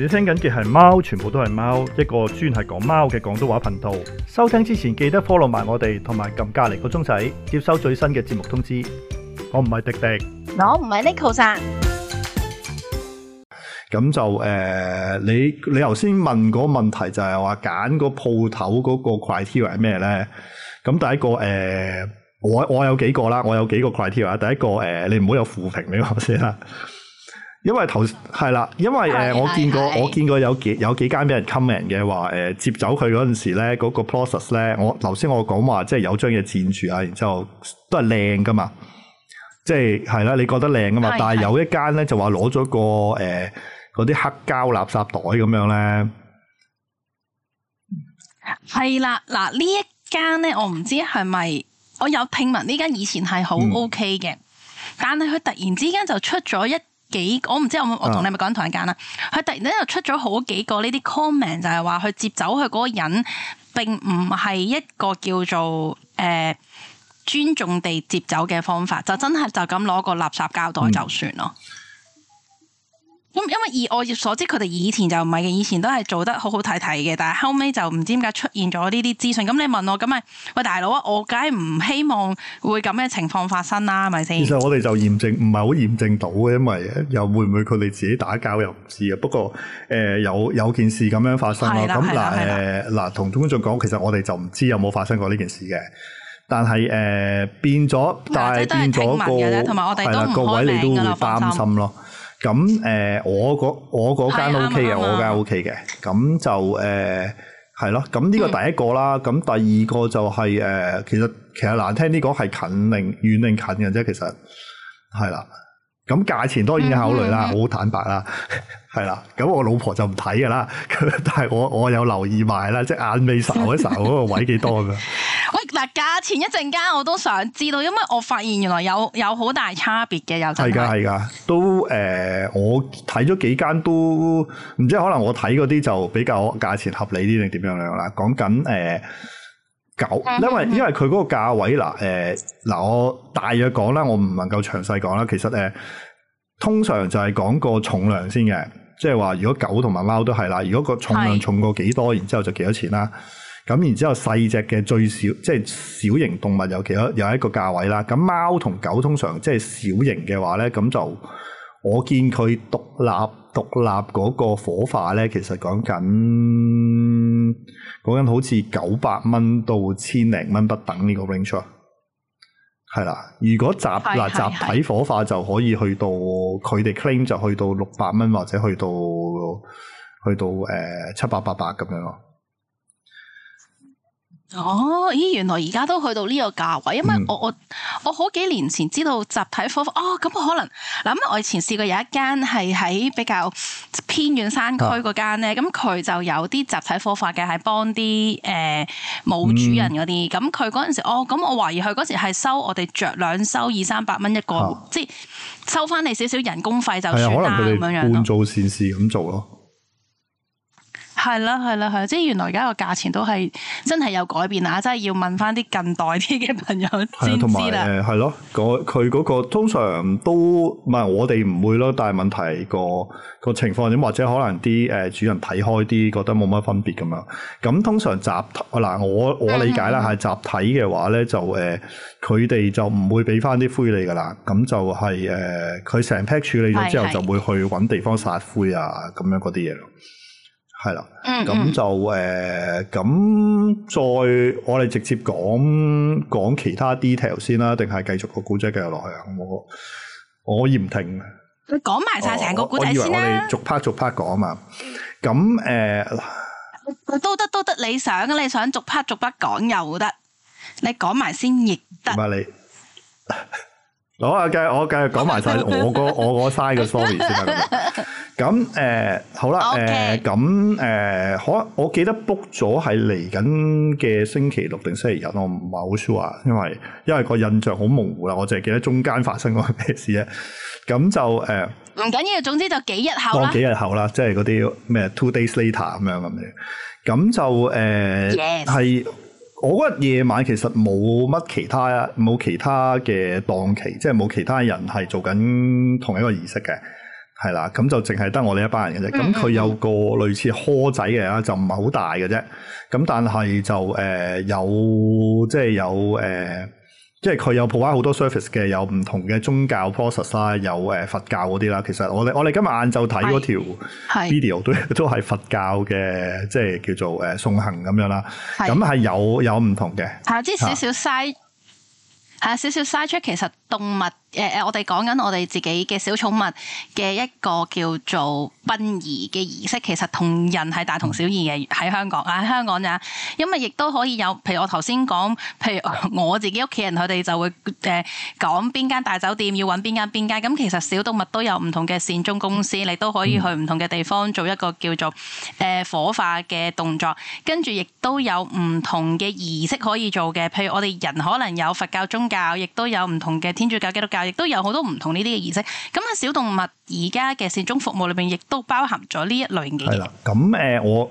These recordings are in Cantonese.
你聽緊嘅係貓，全部都係貓，一個專係講貓嘅廣東話頻道。收聽之前記得 follow 埋我哋，同埋撳隔籬個鐘仔，接收最新嘅節目通知。我唔係廸廸，我唔係 Neko 撒。咁就誒、呃，你你頭先問嗰個問題就係話揀個鋪頭嗰個 criteria 係咩咧？咁第一個誒、呃，我我有幾個啦，我有幾個 criteria。第一個誒、呃，你唔好有負評，你話先啦。因為頭係啦，因為誒，是是是是我見過我見過有幾有幾間俾人 comment 嘅話，誒、呃、接走佢嗰陣時咧，嗰個 process 咧，我頭先我講話，即係有張嘢墊住啊，然之後都係靚噶嘛，即係係啦，你覺得靚噶嘛？是是是但係有一間咧就話攞咗個誒嗰啲黑膠垃圾袋咁樣咧，係啦，嗱呢一間咧，我唔知係咪我有聽聞呢間以前係好 OK 嘅，嗯、但係佢突然之間就出咗一。幾我唔知有冇，我同你係咪講同一間啦？佢、啊、突然咧又出咗好幾個呢啲 comment，就係話佢接走佢嗰個人並唔係一個叫做誒、呃、尊重地接走嘅方法，就真係就咁攞個垃圾膠袋就算咯。嗯。咁，因為以我所知，佢哋以前就唔係嘅，以前都係做得好好睇睇嘅。但係後尾就唔知點解出現咗呢啲資訊。咁你問我，咁咪喂大佬啊，我梗係唔希望會咁嘅情況發生啦，係咪先？其實我哋就驗證唔係好驗證到嘅，因為又會唔會佢哋自己打交又唔知啊？不過誒，有有件事咁樣發生咯。咁嗱誒嗱，同總觀眾講，其實我哋就唔知有冇發生過呢件事嘅。但係誒、呃、變咗，但係變咗個同埋我哋都唔開名嘅擔心咯。咁誒、呃，我嗰我嗰間 O K 嘅，我間 O K 嘅，咁就誒係咯。咁、呃、呢、呢個第一個啦，咁、嗯、第二個就係、是、誒、呃，其實其實難聽啲講係近定遠定近嘅啫，其實係啦。咁價錢當然要考慮啦，好、嗯、坦白啦，係啦。咁我老婆就唔睇㗎啦， 但係我我有留意埋啦，即係眼尾稍一稍嗰、那個位幾多咁樣 價錢，一陣間我都想知道，因為我發現原來有有好大差別嘅，有真係。係噶，係噶，都誒，我睇咗幾間都，唔知可能我睇嗰啲就比較價錢合理啲定點樣樣啦。講緊誒狗，因為因為佢嗰個價位嗱誒嗱，我大約講啦，我唔能夠詳細講啦。其實誒，通常就係講個重量先嘅，即係話如果狗同埋貓都係啦，如果個重量重過幾多，然之後就幾多錢啦。咁然之後細隻嘅最少即係小型動物有幾多有一個價位啦？咁貓同狗通常即係小型嘅話咧，咁就我見佢獨立獨立嗰個火化咧，其實講緊講緊好似九百蚊到千零蚊不等呢個 range，係啦。如果集是是是集體火化就可以去到佢哋 claim 就去到六百蚊或者去到去到誒七百八百咁樣咯。哦，咦，oh, 原來而家都去到呢個價位，因為我我我好幾年前知道集體火化，哦，咁可能嗱，咁我以前試過有一間係喺比較偏遠山區嗰間咧，咁佢、啊、就有啲集體火化嘅，係幫啲誒冇主人嗰啲，咁佢嗰陣時，哦，咁我懷疑佢嗰時係收我哋着兩收二三百蚊一個，啊、即係收翻你少少人工費就算啦咁樣樣咯，啊、半做善事咁做咯。係啦，係啦，係，即係原來而家個價錢都係真係有改變啊！真係要問翻啲近代啲嘅朋友先知啦。係咯，嗰佢嗰個通常都唔係我哋唔會咯，但係問題個個情況點，或者可能啲誒、呃、主人睇開啲，覺得冇乜分別咁樣。咁通常集嗱、呃、我我理解啦，係、嗯、的集體嘅話咧，就誒佢哋就唔會俾翻啲灰你噶啦，咁就係誒佢成 pack 處理咗之後，的就會去搵地方殺灰啊，咁樣嗰啲嘢咯。係啦，咁、嗯嗯、就誒，咁、呃、再我哋直接講講其他 detail 先啦，定係繼續個古仔繼續落去可以啊？我我嫌停，你講埋晒成個古仔先，我以為我哋逐 part 逐 part 講啊嘛，咁誒、呃，都得都得，你想你想逐 part 逐 part 講又得，你講埋先亦得。唔係你。 好啊，繼我繼續講埋晒我，我、那個 我個 size 嘅 story 先啦。咁誒、 呃，好啦，誒 Okay.、呃，咁誒，可、呃、我記得 book 咗係嚟緊嘅星期六定星期日，我唔係好 sure，因為因為個印象好模糊啦，我淨係記得中間發生過咩事啫。咁就誒，唔緊要，總之就幾日後啦、啊哦。幾日後啦，即係嗰啲咩 two days later 咁樣咁樣。咁就誒係。呃 Yes. 我覺得夜晚其實冇乜其他，冇其他嘅檔期，即係冇其他人係做緊同一個儀式嘅，係啦，咁就淨係得我哋一班人嘅啫。咁佢、嗯、有個類似窩仔嘅，就唔係好大嘅啫。咁但係就、呃、有，即係有、呃即係佢有鋪開好多 service 嘅，有唔同嘅宗教 process 啦，有誒佛教啲啦。其實我哋我哋今日晏晝睇條係 video 都都係佛教嘅，即係叫做誒送行咁樣啦。咁係是有有唔同嘅，係有啲少少嘥，啊少少嘥出其實動物。誒誒我哋講緊我哋自己嘅小寵物嘅一個叫做殯儀嘅儀式，其實同人係大同小異嘅。喺香港啊，香港咋，因為亦都可以有，譬如我頭先講譬如我自己屋企人佢哋就會誒講邊間大酒店要揾邊間邊間。咁其實小動物都有唔同嘅善終公司，你都可以去唔同嘅地方做一個叫做誒火化嘅動作。跟住亦都有唔同嘅儀式可以做嘅，譬如我哋人可能有佛教宗教，亦都有唔同嘅天主教、基督教。亦都有好多唔同呢啲嘅儀式，咁啊小動物而家嘅善終服務裏邊，亦都包含咗呢一類嘅儀式。係啦，咁誒、呃，我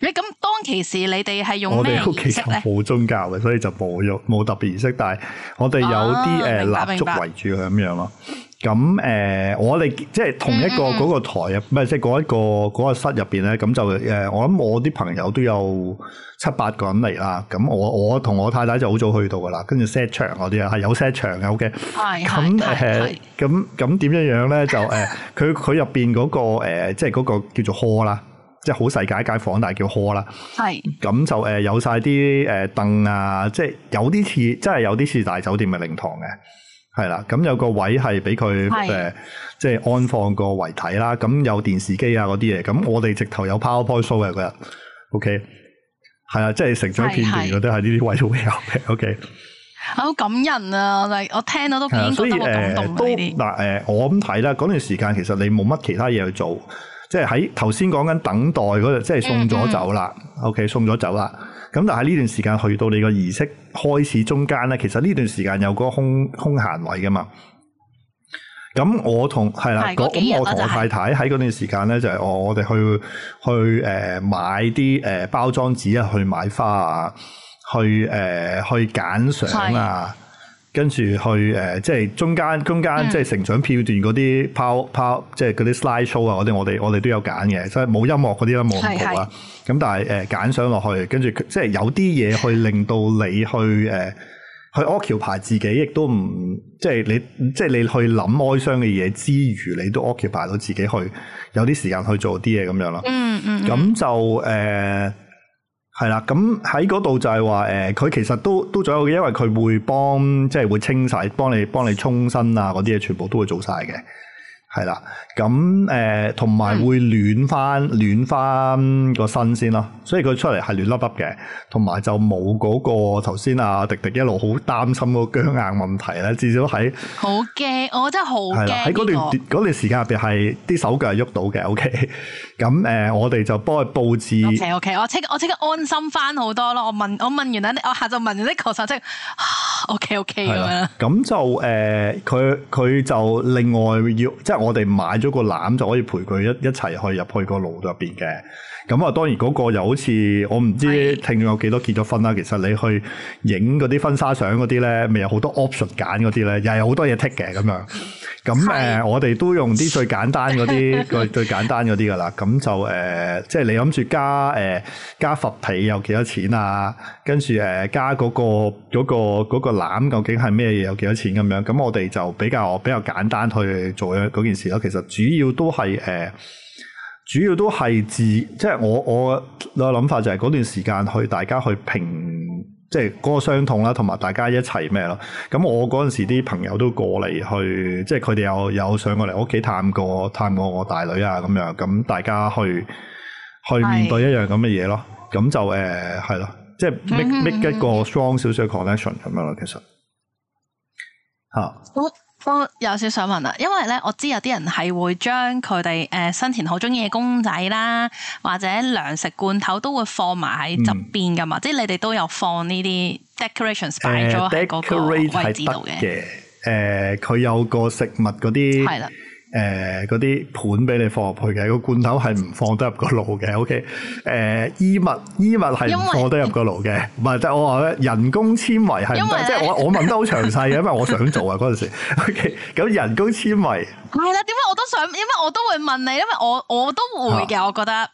誒咁當其時你，你哋係用咩儀式咧？冇宗教嘅，所以就冇用冇特別儀式，但係我哋有啲誒蠟燭圍住佢咁樣咯。啊咁誒，我哋即係同一個嗰個台啊，唔、嗯、即係嗰一個嗰室入邊咧，咁就誒，我諗我啲朋友都有七八個人嚟啦。咁我我同我太太就好早去到噶啦，跟住 set 場嗰啲啊，有 set 場嘅。OK，係。咁咁咁點樣樣咧？ 就誒，佢佢入邊嗰個、呃、即係嗰個叫做 hall 啦，即係好細間間房，但係叫 hall 啦是。係。咁就誒有晒啲誒凳啊，即係有啲似，真係有啲似大酒店嘅靈堂嘅。係啦，咁有個位係俾佢誒，即係是、呃就是、安放個遺體啦。咁有電視機啊嗰啲嘢，咁我哋直頭有 powerpoint show 嘅佢，OK，係啊，即係成段片全部是都係呢啲位嘅，OK。好感人啊！我我聽到都已經覺得好感動、啊。嗱、啊，誒、呃這些 呃呃，我咁睇啦，嗰段時間其實你冇乜其他嘢去做，即係喺頭先講緊等待嗰度，即係送咗走啦。嗯嗯 OK，送咗走啦。咁但喺呢段時間去到你個儀式開始中間咧，其實呢段時間有個空空閒位噶嘛。咁我同係啦，咁我同我太太喺嗰段時間咧就係我哋去去誒、呃、買啲誒包裝紙啊，去買花啊，去誒、呃、去揀相啊。跟住去誒，即係中間中間即係成長片段嗰啲 power 即係嗰啲 slide show 啊啲，我哋我哋都有揀嘅，所以冇音樂嗰啲啦，冇咁好啦。咁但係誒揀上落去，跟住即係有啲嘢去令到你去誒、呃、去 occupy 自己，亦都唔即係你即係你去諗哀傷嘅嘢之餘，你都 occupy 到自己去，有啲時間去做啲嘢咁樣啦、嗯。嗯嗯，咁就誒。呃係啦，咁喺嗰度就係話，誒、呃，佢其實都都仲有嘅，因為佢會幫，即係會清晒，幫你幫你沖身啊，嗰啲嘢全部都會做晒嘅。係啦，咁誒同埋會暖翻暖翻個身先咯，所以佢出嚟係暖粒粒嘅，同埋就冇嗰個頭先阿廸廸一路好擔心個僵硬問題咧，至少喺好驚，我真係好驚喺嗰段段時間入邊係啲手腳係喐到嘅，OK。咁誒我哋就幫佢佈置 OK 我即我即刻安心翻好多咯。我問我問完啦，我下晝問完啲確實即係 OK OK 咁樣。咁就誒佢佢就另外要即係。我哋買咗個籃就可以陪佢一一齊去入去個爐入邊嘅。咁啊，當然嗰個又好似我唔知聽眾有幾多結咗婚啦。的其實你去影嗰啲婚紗相嗰啲咧，咪有好多 option 揀嗰啲咧，又係好多嘢 tick 嘅咁樣。咁誒的、呃，我哋都用啲最簡單嗰啲，最 最簡單嗰啲噶啦。咁就誒、呃，即係你諗住加誒、呃、加佛皮有幾多錢啊？跟住誒，加、嗰個、嗰個嗰、嗰個攬究竟係咩嘢？有幾多錢咁樣？咁我哋就比較比較簡單去做嗰件事咯。其實主要都係誒。呃主要都係自，即係我我個諗法就係嗰段時間去大家去平，即係嗰個傷痛啦，同埋大家一齊咩咯。咁我嗰陣時啲朋友都過嚟去，即係佢哋有有上過我嚟屋企探過探過我大女啊咁樣，咁大家去去面對一樣咁嘅嘢咯。咁是就誒係咯，即係 make make 一個 strong 少少 connection 咁樣咯，其實嚇。我有少少想問啊，因為咧，我知有啲人係會將佢哋誒生前好中意嘅公仔啦，或者糧食罐頭都會放埋喺側邊㗎嘛，嗯、即係你哋都有放呢啲 decorations 擺咗喺嗰、呃嗰個位置度嘅。誒 decorate，佢、呃、有個食物嗰啲。係啦。誒嗰啲盤俾你放入去嘅，個罐頭係唔放得入個爐嘅，OK？誒、呃、衣物衣物係唔放得入個爐嘅，唔係即係我話咧人工纖維係唔係，因為 即係我我問得好詳細嘅， 因為我想做啊嗰陣時，OK？咁人工纖維，係啦，點解我都想？點解我都會問你？因為我我都會嘅，啊、我覺得。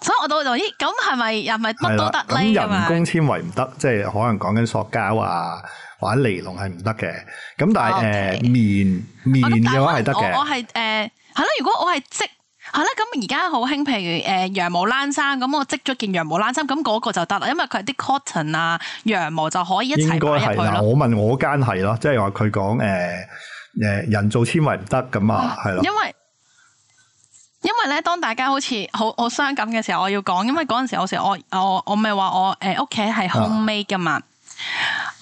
所以我都就咦？咁係咪又咪乜都得呢？人工纖維唔得，即係可能講緊塑膠啊，或者尼龍係唔得嘅。咁但係誒棉棉嘅話係得嘅。我係誒係咯。如果我係織係咯，咁而家好興，譬如誒羊毛冷衫，咁我織咗件羊毛冷衫，咁嗰個就得啦，因為佢係啲 cotton 啊羊毛就可以一齊入去咯。我問我間係咯，即係話佢講誒誒人造纖維唔得咁啊，係咯。因為因為咧，當大家好似好好傷感嘅時候，我要講，因為嗰陣時我時我我我咪話我誒屋企係 homemade 噶嘛，啊、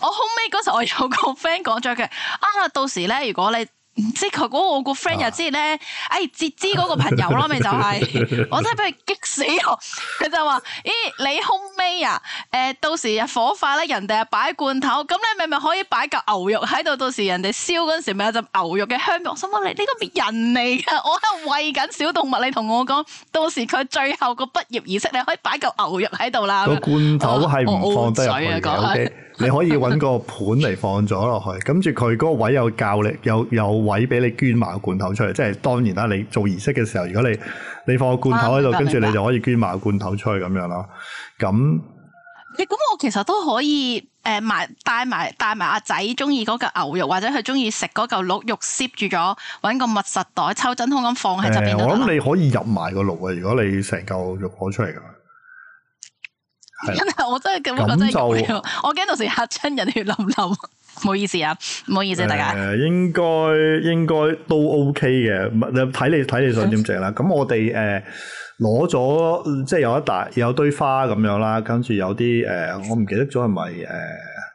我 homemade 嗰時我有個 friend 講咗嘅，啊到時咧如果你。即係嗰個我個 friend 又知咧，誒、啊，截肢嗰個朋友啦，咪 就係、是，我真係俾佢激死我。佢就話：，咦，你好尾啊？誒、呃，到時啊火化咧，人哋啊擺罐頭，咁你咪咪可以擺嚿牛肉喺度，到時人哋燒嗰陣時咪有陣牛肉嘅香。我心諗你呢個人嚟噶？我喺度餵緊小動物，你同我講，到時佢最後個畢業儀式你可以擺嚿牛肉喺度啦。個罐頭係唔放得入去 你可以揾個盤嚟放咗落去，跟住佢嗰個位有教你有有位俾你捐埋個罐頭出嚟，即係當然啦。你做儀式嘅時候，如果你你放個罐頭喺度，啊、跟住你就可以捐埋個罐頭出去咁樣咯。咁你咁我其實都可以誒，買、呃、帶埋帶埋阿仔中意嗰嚿牛肉，或者佢中意食嗰嚿鹿肉，攝住咗揾個密實袋抽真空咁放喺入邊、欸、我諗你可以入埋個爐啊，如果你成嚿肉攞出嚟嘅。真係 我真係咁樣講， 我驚到時嚇親人血淋淋，唔好意思啊，唔好意思啊，大家。誒，應該應該都 OK 嘅，你睇你睇你想點整啦。咁我哋誒攞咗即係有一大有一堆花咁樣啦，跟住有啲誒、呃，我唔記得咗係咪誒，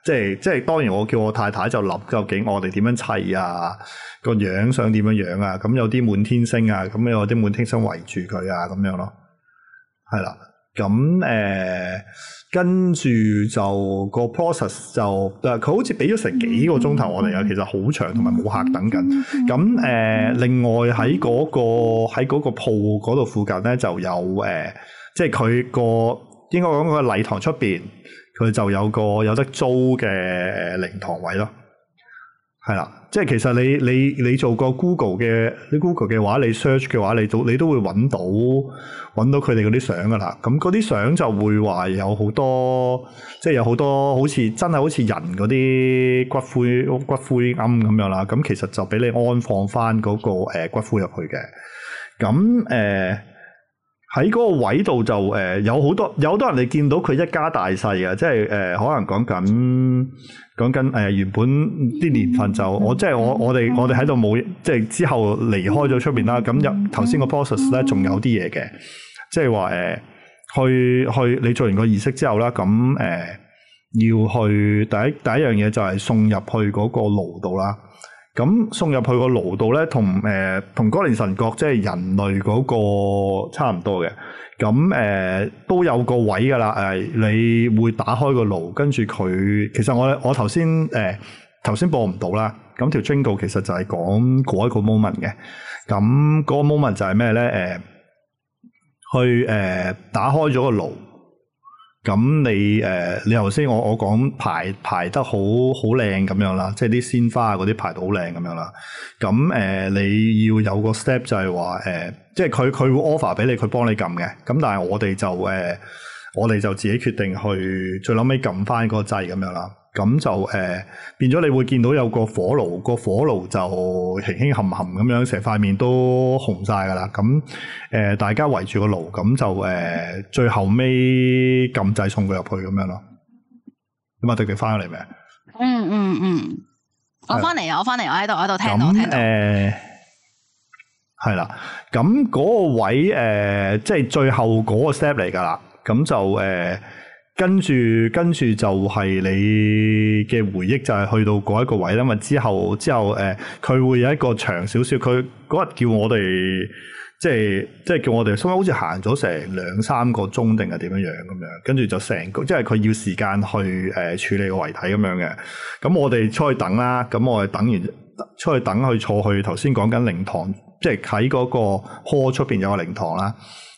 即係即係當然我叫我太太就諗究竟我哋點樣砌啊，個樣想點樣樣啊，咁有啲滿天星啊，咁有啲滿天星圍住佢啊，咁樣咯，係啦。咁誒，跟住就個 process 就，佢好似俾咗成幾個鐘頭我哋啊，其實好長，同埋冇客等緊。咁誒，另外喺嗰、那個喺嗰個鋪嗰度附近咧，就有誒、呃，即係佢個應該講個禮堂出邊，佢就有個有得租嘅靈堂位咯。係啦，即係其實你你你做過 Google 嘅，你 Google 嘅話，你 search 嘅話，你都你都會揾到揾到佢哋嗰啲相㗎啦。咁嗰啲相就會話有好多，即係有好多好似真係好似人嗰啲骨灰骨灰庵咁樣啦。咁其實就俾你安放翻嗰個誒骨灰入去嘅。咁誒。呃喺嗰個位度就誒、呃、有好多有好多人你見到佢一家大細啊，即係誒、呃、可能講緊講緊誒、呃、原本啲年份就、嗯、即我、嗯、我，我，我即係我我哋我哋喺度冇即係之後離開咗出邊啦，咁入頭先個 process 咧仲、嗯、有啲嘢嘅，即係話誒去去你做完個儀式之後啦，咁誒、呃、要去第一第一樣嘢就係送入去嗰個爐度啦。咁送入去個爐度咧，同誒同哥連臣角即係人類嗰個差唔多嘅。咁誒、呃、都有個位㗎喇，誒你會打開個爐，跟住佢其實我我頭先誒頭先播唔到啦。咁條 jingle 其實就係講嗰一個 moment 嘅。咁嗰個 moment 就係咩咧？誒、呃、去誒、呃、打開咗個爐。咁你誒、呃，你頭先我我講排排得好好靚咁樣啦，即係啲鮮花呀嗰啲排到好靚咁樣啦。咁誒、呃，你要有個 step 就係話誒，即係佢佢會 offer 俾你，佢幫你撳嘅。咁但係我哋就誒、呃，我哋就自己決定去最後尾撳翻個掣咁樣啦。咁就誒、呃、變咗，你會見到有個火爐，個火爐就輕輕冚冚咁樣，成塊面都紅晒噶啦。咁誒、呃，大家圍住個爐，咁就誒、呃、最後尾撳掣送佢入去咁樣咯。咁啊，特然翻咗嚟未？嗯嗯嗯，我翻嚟啊！我翻嚟，我喺度，我喺度聽到聽到。係啦對。咁嗰樣、嗯呃嗰個位誒，即、呃、係、就是、最後嗰個 step 嚟噶啦。咁就誒、呃跟住，跟住就係你嘅回憶就係去到嗰一個位啦。因為之後，之後誒，佢、呃、會有一個長少少。佢嗰日叫我哋，即係即係叫我哋，所以好似行咗成兩三個鐘定係點樣樣咁樣。跟住就成個，即係佢要時間去誒、呃、處理個遺體咁樣嘅。咁我哋出去等啦。咁我哋等完出去等去坐去頭先講緊靈堂，即係喺嗰個舖出邊有個靈堂啦。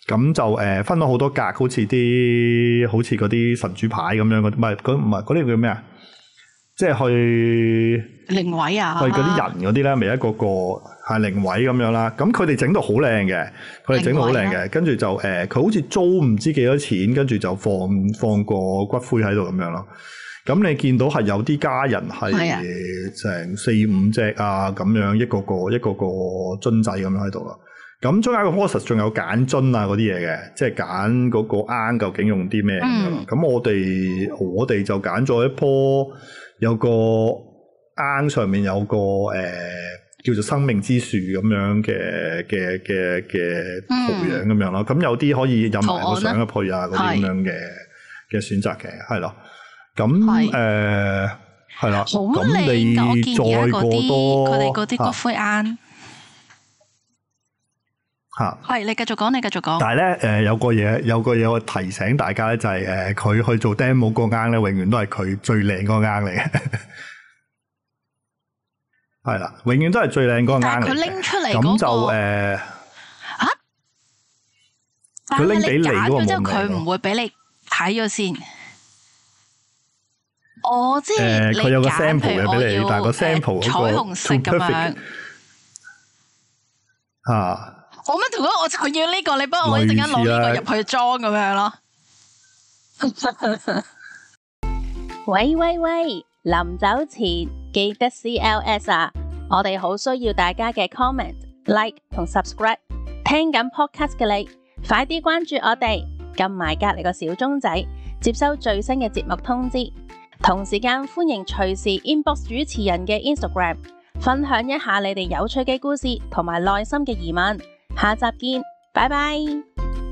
咁就誒分咗好多格，好似啲好似嗰啲神主牌咁樣嗰，唔係唔係啲叫咩啊？即係去靈位啊，去嗰啲人嗰啲咧，咪一個個係靈位咁樣啦。咁佢哋整到好靚嘅，佢哋整到好靚嘅。跟住就誒，佢好似租唔知幾多錢，跟住就放放個骨灰喺度咁樣咯。咁你見到係有啲家人係成、啊、四五隻啊咁樣一個個一個個樽仔咁樣喺度啦。咁中間個 course 仲有揀樽啊嗰啲嘢嘅，即係揀嗰個罌究竟用啲咩？咁、嗯、我哋我哋就揀咗一樖，有個罌上面有個誒、欸、叫做生命之樹咁樣嘅嘅嘅嘅圖樣咁樣咯。咁、嗯、有啲可以印埋個相入去啊嗰啲咁樣嘅嘅是選擇嘅，係咯。咁誒係啦。咁是、呃、你再過多。啲骨灰罌？嗯。吓，係，你繼續講，你繼續講。但係咧，誒，有個嘢，有個嘢，我提醒大家咧，就係誒，佢去做 demo 嗰個啱咧，永遠都係佢最靚嗰個啱嚟嘅。係啦，永遠都係最靚嗰個啱嚟嘅。但係佢拎出嚟嗰個，咁就誒，吓？但係你揀咗之後，佢唔會俾你睇咗先。我即係，佢有個 sample 俾你，但係個 sample 嗰個，perfect 彩虹色咁樣。吓。我乜圖？我就要呢個，你幫我一陣間攞呢個入去裝咁樣咯。喂喂喂！臨走前記得 CLS 啊！我哋好需要大家嘅 comment、like 同 subscribe。聽緊 podcast 嘅你，快啲關注我哋，撳埋隔籬個小鐘仔，接收最新嘅節目通知。同時間歡迎隨時 inbox 主持人嘅 Instagram，分享一下你哋有趣嘅故事同埋內心嘅疑問。下集見，拜拜。